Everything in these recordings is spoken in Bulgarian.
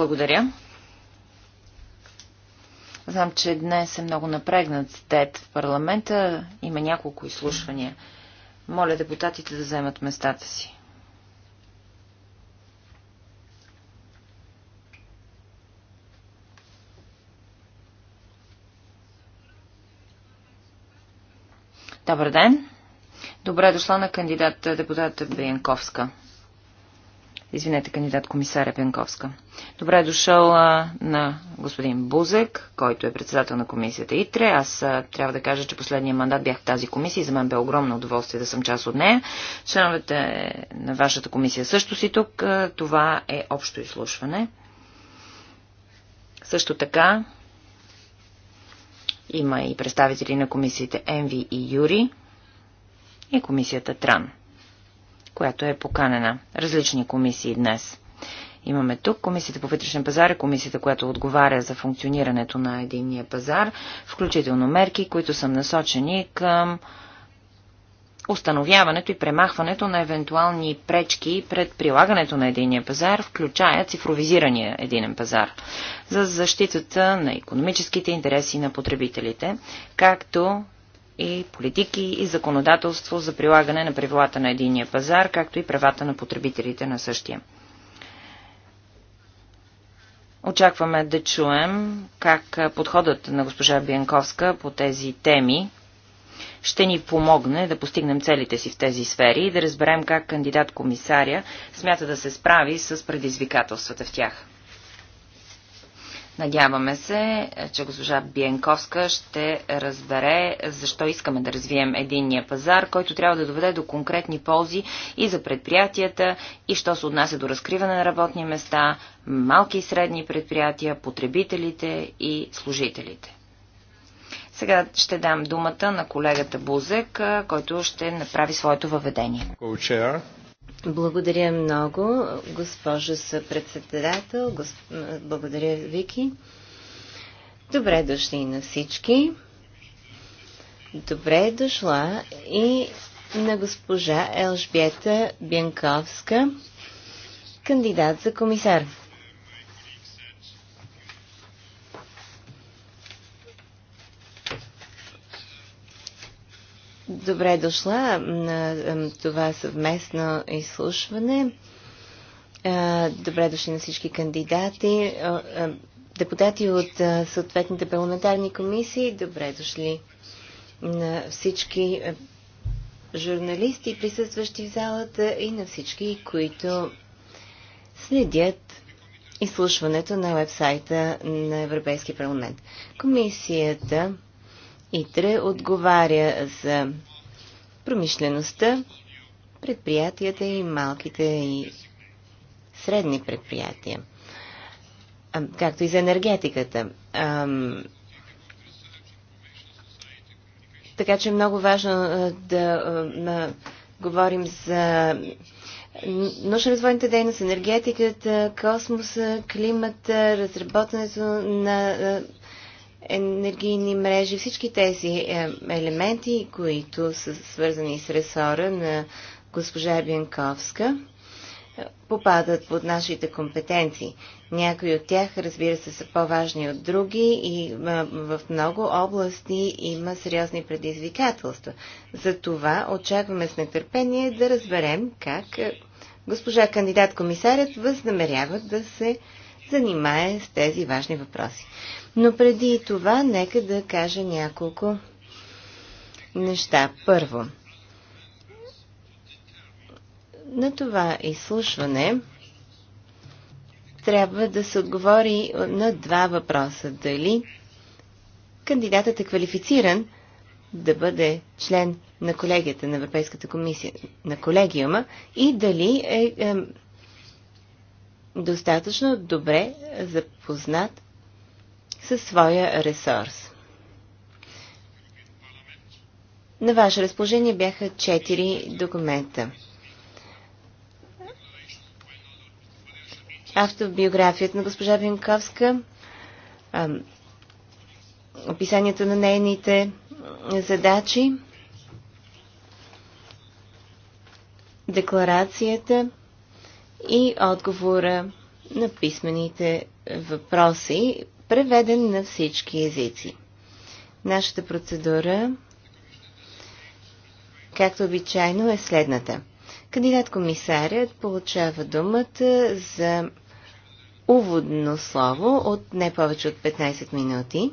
Благодаря. Знам, че днес е много напрегнат дет в парламента. Има няколко изслушвания. Моля депутатите да вземат местата си. Добър ден! Добре дошла на кандидата депутата Биенковска извинете, кандидат комисаря Пенковска. Добре е дошъл а, на господин Бузек, който е председател на комисията ИТРЕ. Аз а, трябва да кажа, че последния мандат бях в тази комисия и за мен бе огромно удоволствие да съм част от нея. Членовете на вашата комисия също си тук. А, това е общо изслушване. Също така има и представители на комисиите ЕНВИ и ЮРИ и комисията ТРАН която е поканена. Различни комисии днес. Имаме тук Комисията по вътрешен пазар и Комисията, която отговаря за функционирането на единния пазар, включително мерки, които са насочени към установяването и премахването на евентуални пречки пред прилагането на единия пазар, включая цифровизирания единен пазар, за защитата на економическите интереси на потребителите, както и политики и законодателство за прилагане на правилата на единия пазар, както и правата на потребителите на същия. Очакваме да чуем как подходът на госпожа Бянковска по тези теми ще ни помогне да постигнем целите си в тези сфери и да разберем как кандидат-комисаря смята да се справи с предизвикателствата в тях. Надяваме се, че госпожа Биенковска ще разбере защо искаме да развием единния пазар, който трябва да доведе до конкретни ползи и за предприятията, и що се отнася до разкриване на работни места, малки и средни предприятия, потребителите и служителите. Сега ще дам думата на колегата Бузек, който ще направи своето въведение. Благодаря много, госпожо съпредседател. Госп... Благодаря, Вики. Добре дошли на всички. Добре дошла и на госпожа Елжбета Бянковска, кандидат за комисар. Добре дошла на това съвместно изслушване. Е, добре дошли на всички кандидати, е, депутати от е, съответните парламентарни комисии. Добре дошли на всички журналисти, присъстващи в залата и на всички, които следят изслушването на вебсайта на Европейския парламент. Комисията ИТРЕ отговаря за промишлеността, предприятията и малките и средни предприятия, както и за енергетиката. Така че е много важно да говорим за научно-развойната дейност, енергетиката, космоса, климата, разработването на енергийни мрежи, всички тези е, елементи, които са свързани с ресора на госпожа Бянковска, е, попадат под нашите компетенции. Някои от тях, разбира се, са по-важни от други и е, в много области има сериозни предизвикателства. Затова очакваме с нетърпение да разберем как госпожа кандидат комисарят възнамерява да се занимае с тези важни въпроси. Но преди това, нека да кажа няколко неща. Първо, на това изслушване трябва да се отговори на два въпроса. Дали кандидатът е квалифициран да бъде член на колегията на Европейската комисия, на колегиума и дали е, е достатъчно добре запознат със своя ресурс. На ваше разположение бяха четири документа. Автобиографията на госпожа Винковска, описанието на нейните задачи, декларацията и отговора на писмените въпроси, преведен на всички езици. Нашата процедура, както обичайно, е следната. Кандидат-комисарят получава думата за уводно слово от не повече от 15 минути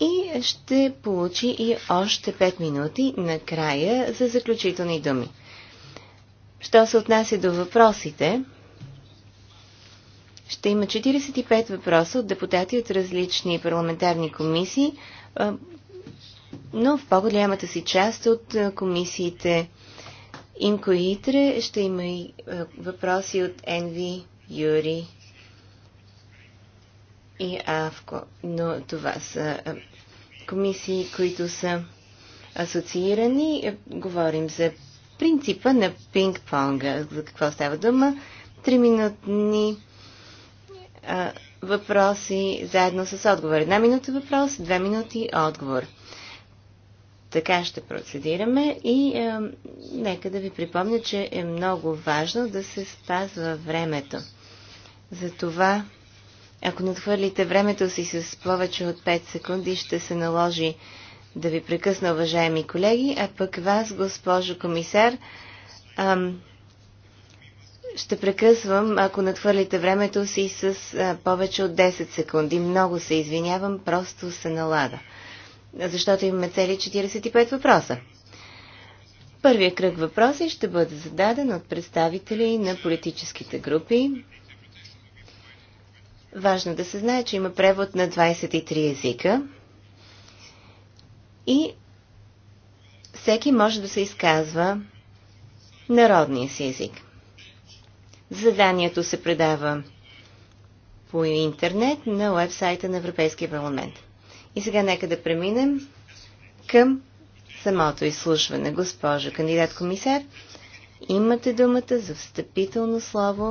и ще получи и още 5 минути накрая за заключителни думи. Що се отнася до въпросите, ще има 45 въпроса от депутати от различни парламентарни комисии, но в по-голямата си част от комисиите Имко и Итре ще има и въпроси от Енви, Юри и Авко. Но това са комисии, които са асоциирани. Говорим за принципа на пинг-понга. За какво става дума? Триминутни а, въпроси заедно с отговор. Една минута въпрос, две минути отговор. Така ще процедираме и а, нека да ви припомня, че е много важно да се спазва времето. Затова, ако надхвърлите времето си с повече от 5 секунди, ще се наложи да ви прекъсна, уважаеми колеги, а пък вас, госпожо комисар, ам, ще прекъсвам, ако надхвърлите времето си с а, повече от 10 секунди. Много се извинявам, просто се налага. Защото имаме цели 45 въпроса. Първия кръг въпроси ще бъде зададен от представители на политическите групи. Важно да се знае, че има превод на 23 езика. И всеки може да се изказва народния си език. Заданието се предава по интернет на уебсайта на Европейския парламент. И сега нека да преминем към самото изслушване. Госпожо кандидат комисар, имате думата за встъпително слово